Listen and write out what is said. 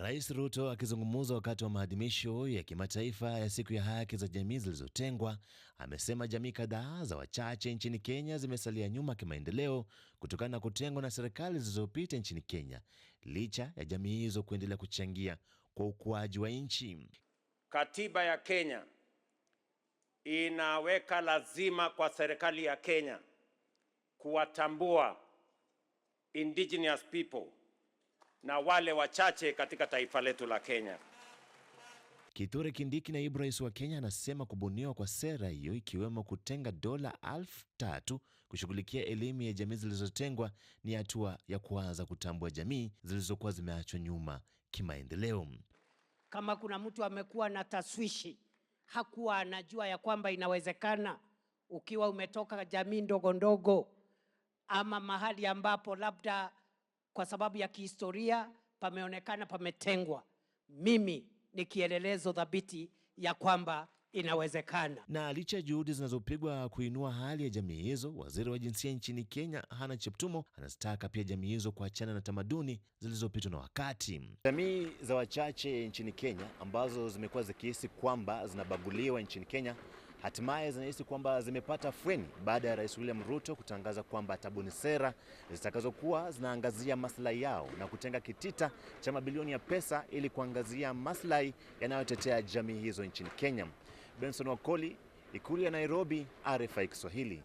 Rais Ruto akizungumza wakati wa maadhimisho ya kimataifa ya siku ya haki za jamii zilizotengwa, amesema jamii kadhaa za wachache nchini Kenya zimesalia nyuma kimaendeleo kutokana na kutengwa na serikali zilizopita nchini Kenya, licha ya jamii hizo kuendelea kuchangia kwa ukuaji wa nchi. Katiba ya Kenya inaweka lazima kwa serikali ya Kenya kuwatambua indigenous people na wale wachache katika taifa letu la Kenya. Kithure Kindiki, naibu rais wa Kenya, anasema kubuniwa kwa sera hiyo ikiwemo kutenga dola elfu tatu kushughulikia elimu ya jamii zilizotengwa ni hatua ya kuanza kutambua jamii zilizokuwa zimeachwa nyuma kimaendeleo. Kama kuna mtu amekuwa na taswishi, hakuwa anajua ya kwamba inawezekana, ukiwa umetoka jamii ndogo ndogo ama mahali ambapo labda kwa sababu ya kihistoria pameonekana pametengwa. Mimi ni kielelezo dhabiti ya kwamba inawezekana. Na licha ya juhudi zinazopigwa kuinua hali ya jamii hizo, waziri wa jinsia nchini Kenya Hana Cheptumo anazitaka pia jamii hizo kuachana na tamaduni zilizopitwa na wakati. Jamii za wachache nchini Kenya ambazo zimekuwa zikihisi kwamba zinabaguliwa nchini Kenya hatimaye zinahisi kwamba zimepata fweni baada ya Rais William Ruto kutangaza kwamba atabuni sera zitakazokuwa zinaangazia maslahi yao na kutenga kitita cha mabilioni ya pesa ili kuangazia maslahi yanayotetea jamii hizo nchini Kenya. Benson Wakoli, Ikulu ya Nairobi, RFI Kiswahili.